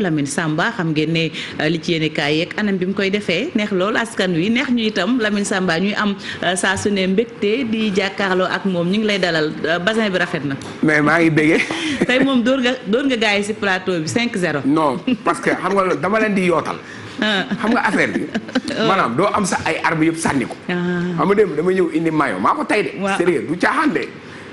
Lamine Samba xam ngeen ne euh, li ci yéen kaay yeeg anam bi mu koy defee neex lool askan wi neex ñu itam Lamine Samba ñuy am euh, saa su ne mbégte di jàkkaarloo ak moom ñu ngi lay dalal euh, basin bi rafet na. mais maa ngi béggee. tey moom dóor nga dóor nga gars yi si plateau bi 5-0. non parce que xam nga dama leen di yootal. Ah. xam nga affaire bi maanaam doo am sax ay armes yëpp sànni ko. Ah. xam nga dem dama ñëw indi mayo maa ko tay de. waaw du caaxaan de.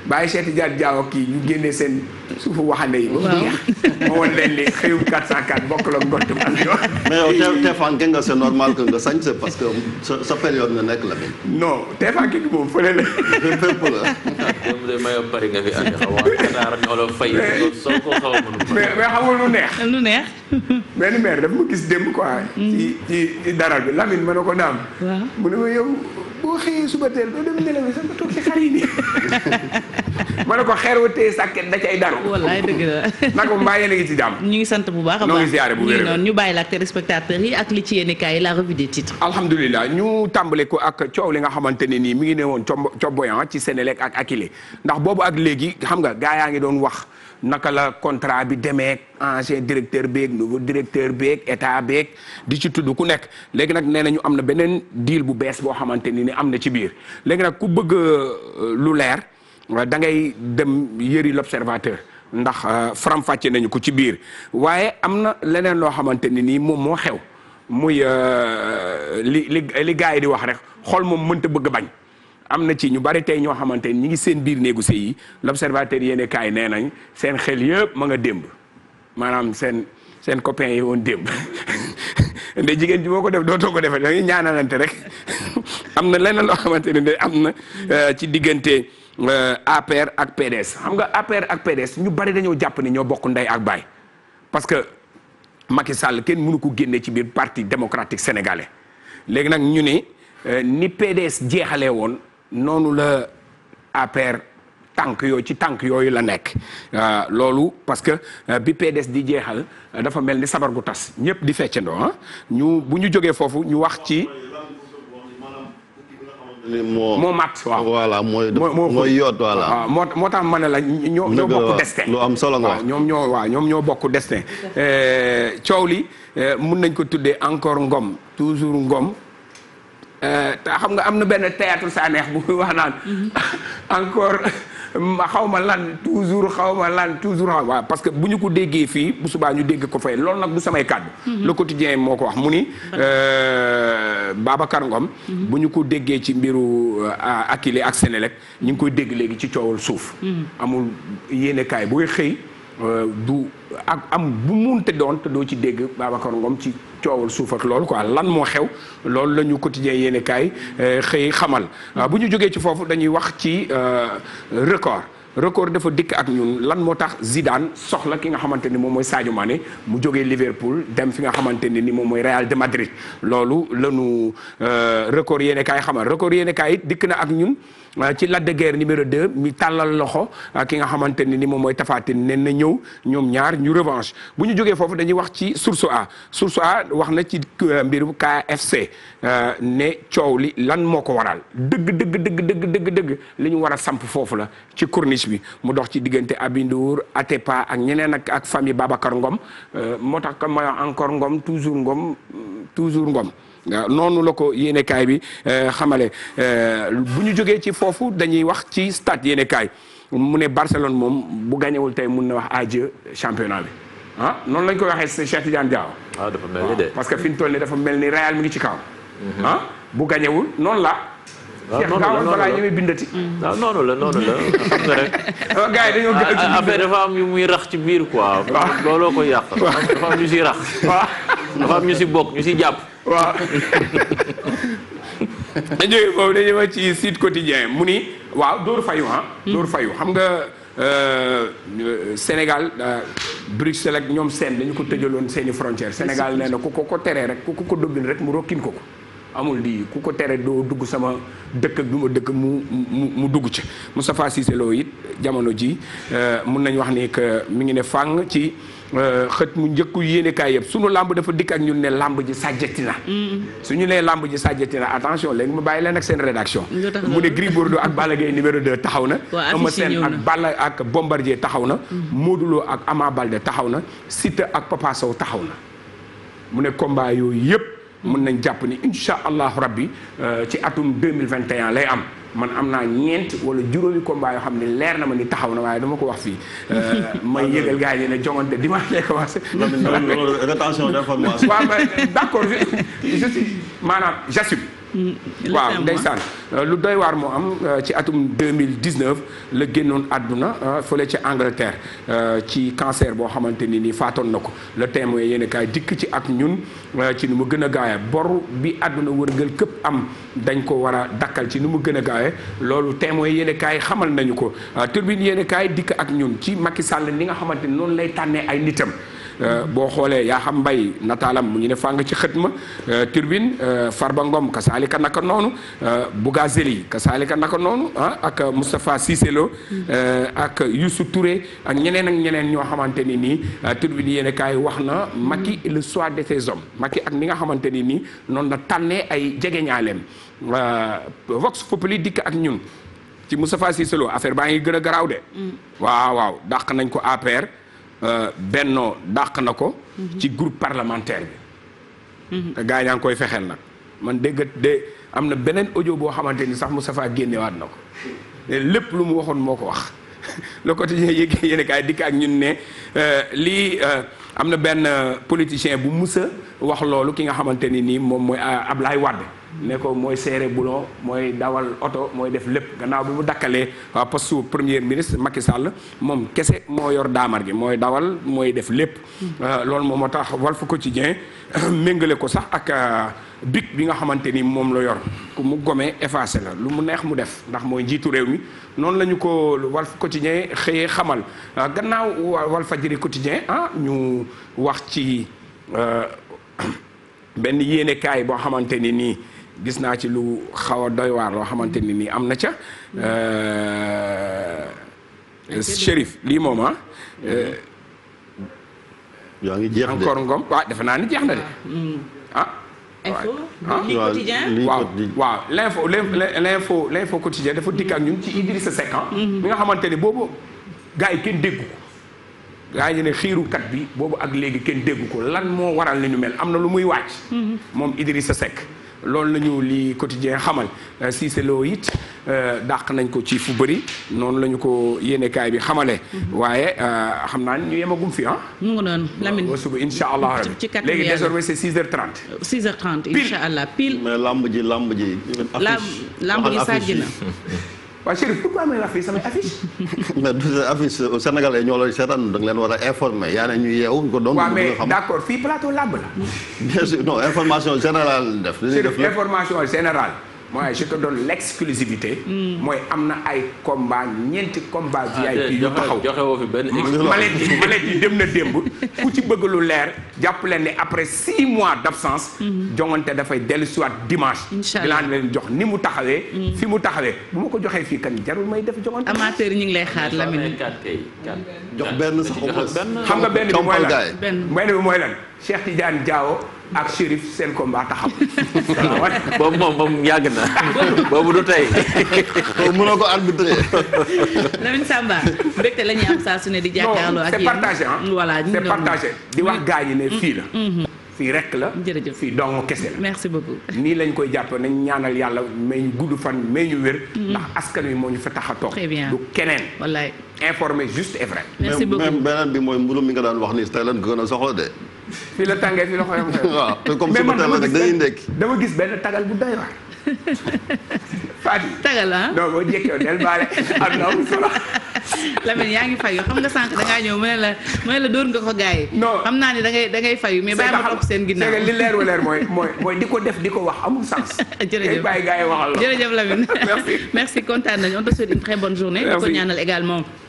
bàyyi seeti jaar jaaw ak kii ñu génnee seen suufu waxande yi. ba mu jeex ma woon leen ni xëyum 404 bokk la ngott man yoon. mais yow Tefan nga c'est normal que nga sañ parce que sa sa période nga nekk la bi. non Tefan ki moom fële la. fépp la. moom de mayo bari nga fi andi xaw ma kanaar ñoo la fay. soo ko xaw a mënul. mais mais xam nga lu neex. lu neex. benn maire dafa ma gis démb quoi. Mm. ci ci ci daral bi Lamine ma ne ko naam. waaw mu ne ma yow boo xëyee suba teel doo dem nelaw bi sax nga toog ci ne xeer wu téye sàkket da cay daru. wallaay dëgg la. naka mbaa ñu ngi sant bu baax a baax ñoo ñu bàyyi la ak téléspectateurs yi ak li ci yéen kaay la revue des titres. alhamdulilah ñu tàmbale ko ak coow li nga xamante ne nii mi ngi ne woon cobboyan ci Sénélec ak Akilee ndax boobu ak léegi xam nga gaa yaa ngi doon wax naka la contrat bi demee ancien directeur beeg nouveau directeur beeg état beeg di ci tudd ku nekk léegi nag nee na ñu am na beneen deal bu bees boo xamante ni ne am na ci biir léegi nag ku bëgg euh, lu leer da ngay dem yëri l'observateur ndax euh, faram-fàcce nañu ko ci biir waaye am na leneen loo xamante ni nii moom moo xew muy euh, li li li gars yi di wax rek xool moom mënta bëgg bañ am na ci ñu bari tey ñoo xamante ni ñi ngi seen biir néegu sëy yi l'observateur yéene kaay nee nañ seen xel yëpp ma nga démb maanaam seen seen copain yi woon démb nde jigéen ji boo ko def dootoo ko defee da ngay ñaanalante rek am na leneen loo xamante ne am na euh, ci diggante. Euh, APR ak PDS xam nga APR ak PDS ñu bari dañoo jàpp ni ñoo bokk ndey ak baay parce que Macky Sall kenn mënu ko génne ci biir parti démocratique sénégalais léegi nag ñu euh, ni ni PDS jeexale woon noonu la APR tànk yooyu ci tànk yooyu la nekk euh, loolu parce que bi PDS di jeexal dafa mel ni sabar gu tas ñëpp di feccandoo ah bu ñu jógee foofu ñu wax ci. moo mat waaw voilà mooy. moo mooy yoot voilà. Ah, moo tax ma la ñoo ñoo bokk destin. lu am solo nga ah, ñoom ñoo waaw ñoom ñoo bokk destin. Eh, coow li eh, mun nañ ko tuddee encore ngom toujours ngom. Eh, te xam nga am na benn théâtre sa neex bu wax naan mm-hmm. encore. xaw ma lan toujours xaw ma lan toujours xaw waaw parce que bu ñu ko déggee fii bu subaa ñu dégg ko fay lool nag bu samay kàddu mhm. le quotidien moo ko wax mu ni euh, Babacar Ngom mhm. bu ñu ko déggee ci mbiru euh, Akilee ak Senelec ñu ngi koy dégg léegi ci coowal suuf mhm. amul yéene kaay booy xëy Euh, du ak am bu munte doon te doo ci dégg Babacar Ngom ci coowal suuf ak loolu quoi lan moo xew loolu la ñu quotidien yéene euh, xëy xamal euh, bu ñu jógee ci foofu dañuy wax ci record record dafa dikk ak ñun lan moo tax Zidane soxla ki nga xamante ni moom mooy Sadio Mané mu jógee Liverpool dem fi nga xamante ni ni moom mooy Real de Madrid loolu la ñu record yéene kaay xamal record yéene kaay dikk na ak ñun Euh, ci la de Guiers numéro 2 mi tàllal loxo euh, ki nga xamante ne ni moom mooy tafaatin nen na ñëw ñoom ñaar ñu revanche bu ñu jógee foofu dañuy wax ci Source A Source A wax na ci euh, mbirum KFC ne coow li lan moo ko waral dëgg dëgg dëgg dëgg dëgg dëgg li ñu war a samp foofu la ci corniche bi mu dox ci diggante Abindour Atepa ak ñeneen ak ak famille Babacar Ngom moo tax ma encore Ngom toujours Ngom toujours Ngom waaw ah, noonu la ko yéenekaay bi euh, xamale euh, bu ñu jógee ci foofu dañuy wax ci stade yéenekaay mu ne Barcelone moom bu gañewul tey mun na wax adieu championnat bi ah noonu lañ koy waxee Cheikh Tidiane Diaw. waaw ah, dafa mel ni parce que fi mu toll nii dafa mel ni Real mu ngi ci kaw. Mhm. ah bu gañewul noonu la. waaw ah, noonu la noonu la ñëwee waaw noonu la noonu la nga rek. Oh, gars yi dañoo rax ci biir quoi. waaw looloo koy yàq. dafa am ñu si bokk ñu si jàpp. waaw dañu jógee foofu dañu ñëw ci Sud Quotidien mu ni waaw Dóor fayu ah. Hmm. Dóor fayu xam nga euh, euh, Sénégal euh, Bruxelles ak ñoom seen dañu ko tëjaloon seeni frontières Sénégal nee na ku ko ko teree rek ku ko ko rek mu rokkin ko ko. amul di ku ko tere doo dugg sama dëkk ak du ma dëkk mu mu dugg ci Moustapha Cissé Lo it jamono ji euh, mun nañu wax ni que mi ngi ne fàng ci euh, xët mu njëkk njëkku yéenekaay yëpp sunu làmb dafa dikk ak ñun ne làmb ji sàjjati na mm-hmm. su ñu nee làmb ji sàjjati na attention léegi ma bàyyi leen ak seen rédaction mu ne Gris Bordeaux ak Balla Gaye numéro 2 taxaw na Eumeu seen ak Balla ak Bombardier taxaw na mm-hmm. Modou ak Ama Baldé taxaw na Siteu ak Papa taxaw na mu ne combat yooyu yëpp mën nañ jàpp ni incha allahu rabbi euh, ci atum 2021 lay am man am naa ñeent wala juróomi combat yoo xam ni leer na ma ni taxaw na waaye dama ko wax fii euh, may yëgal gars yi ne jongante dimanche lay commencé rétention d'information waaw d'accord je suis maanaam j'assume waaw ndeysaan euh, lu doy waar moo am euh, ci atum 2019 la génnoon àdduna euh, fële ci Angleterre ci cancer boo xamante ni nii faatoon na ko le témoin yéen kaay dikk ci ak ñun ci nu mu gën a gaawee bor bi àdduna wërngël këpp am dañ ko war a dakkal ci nu mu gën a gaawee loolu témoin yéen kaay xamal nañu ko turbine yéen kaay dikk ak ñun ci Macky sàll ni nga xamante ni noonu lay tànnee ay nitam Euh, boo xoolee yaa xam mbay nataalam mu ngi ne fàng ci xët ma euh, turbine euh, Farba Ngom kasaalika naka noonu Bougazeli kasaalika naka noonu ah ak Moustapha Cissé ak yu Touré ak ñeneen ak ñeneen ñoo xamante ni nii turbine yéen kaay wax na Macky le soit de ses hommes Macky ak ni nga xamante ni nii noonu la tànnee ay jegeñaaleem Vox Populi dikk ak ñun ci Moustapha siselo affaire baa ngi gën a garaaw de mm. waaw waaw dàq nañ ko APR Euh, Benno dàq na ko. ci groupe parlementaire bi. Mhm. te gars yaa ngi koy fexeel nag man dégg de am na beneen audio boo xamante ni sax Moustapha génnewaat na ko lépp lu mu waxoon moo ko wax. le quotidien yéeg yéen kaay dikk ak ñun ne euh, lii euh, am na benn politicien bu musa wax loolu ki nga xamante ni nii moom mooy Ablaye Wade. ne ko mooy serré boulon mooy dawal oto mooy def lépp gannaaw bi mu dakkalee waa postu premier ministre Macky Sall moom kese moo yor daamar gi mooy dawal mooy def lépp. Euh, loolu moom moo tax Walf Quotidien méngale ko sax ak euh, bic bi nga xamante ni moom la yor ku mu gomee effacé la lu mu neex mu def ndax mooy njiitu réew mi noonu la ñu ko Walf Quotidien xëyee xamal euh, gannaaw Walfadjri Quotidien ah ñu wax ci benn yéenekaay boo xamante ni nii. gis naa ci lu xaw a doy waar loo xamante ni nii am na ca. Mm. Euh, Chérif lii moom ah. Mm. Euh, ngi jeex de encore Ngom waaw defe naa ni jeex na de. ah. Mm. ah info li waaw ah. waaw l' info foo info l' quotidien dafa dikk ak ñun ci sa Seck bi ah. mm-hmm. nga xamante ne boobu gaa yi kenn déggu ko. gaa yi ne xiirukat bi boobu ak léegi kenn déggu ko lan moo waral li ñu mel am na lu muy wàcc. Mm-hmm. moom sa Seck. loolu la ñu li quotidien xamal euh, Cissé Lo it euh, dàq nañ ko ci fu bëri noonu lañu ñu ko yéenekaay bi xamale mhm. waaye euh, xam naa ñu yemagum fi ah. mu ngi noonu Lamine ba suba incha allah ci kàttan léegi désormais c'est 6h30. 6h30 incha allah pile mais lamb ji lamb ji. affiche lamb ji sàjj na. waaw Chérif pourquoi may wax euh, ñoo la seetaan da nga leen war a informer yaa ne ñu yeewu ko doon waaw mais d'accord fii plateau làmb la bien sûr non information générale def information générale moi je te donne mooy am na ay combat ñeenti combat ah, VIP yu taxaw mallette yi mallette yi dem na démb ku ci bëgg lu leer jàpp leen ne après six mois d'absence hmm. jongante dafay dellu siwaat dimanche dinaan leen jox ni mu taxawee hmm. fi mu taxawee bu ma ko joxee fii kan jarul may def jongante amateur ñu ngi lay xaar Lamine jox benn sax xam nga benn bi mooy lan benn bi mooy lan Cheikh Tidiane jaawo ak shérif seen combat taxaw. boobu moom moom yàgg na boobu du tey. boobu mënoo ko arbitré. Lamine Samba mbégte la ñuy am saa su ne di jàkkaarloo ak yéen non c'est partagé di wax gaa yi ne mm-hmm. fii la. Mm-hmm. fii rek la jërëjëf fii dong kese la merci beaucoup nii lañ koy jàpp nañ ñaanal yàlla may ñu gudd fan may ñu wér mm-hmm. ndax askan wi moo ñu fa tax a toog du keneen wallaay informé juste et vrai beneen bi mooy mburu mi nga daan wax ni tey lan gën a soxla de fii la tàngee fii la xooyam xew. waaw te comme su ma tànn rek dañuy ndekki dama gis benn tagal bu doy waar. Fati. tagal ah non boo jékkee del baale yaa ngi fayu xam nga sànq da ngaa ñëw mu la mu la dóor nga ko gars yi. non xam naa ni da ngay da ngay fayu mais bàyyi ma topp seen ginnaaw. c'est que li leer wu leer mooy mooy mooy di ko def di ko wax amul sens. jërëjëf bàyyi gars yi waxal la. jërëjëf Lamine merci merci kontaan nañu on te souhaite une très bonne journée. di ko ñaanal également.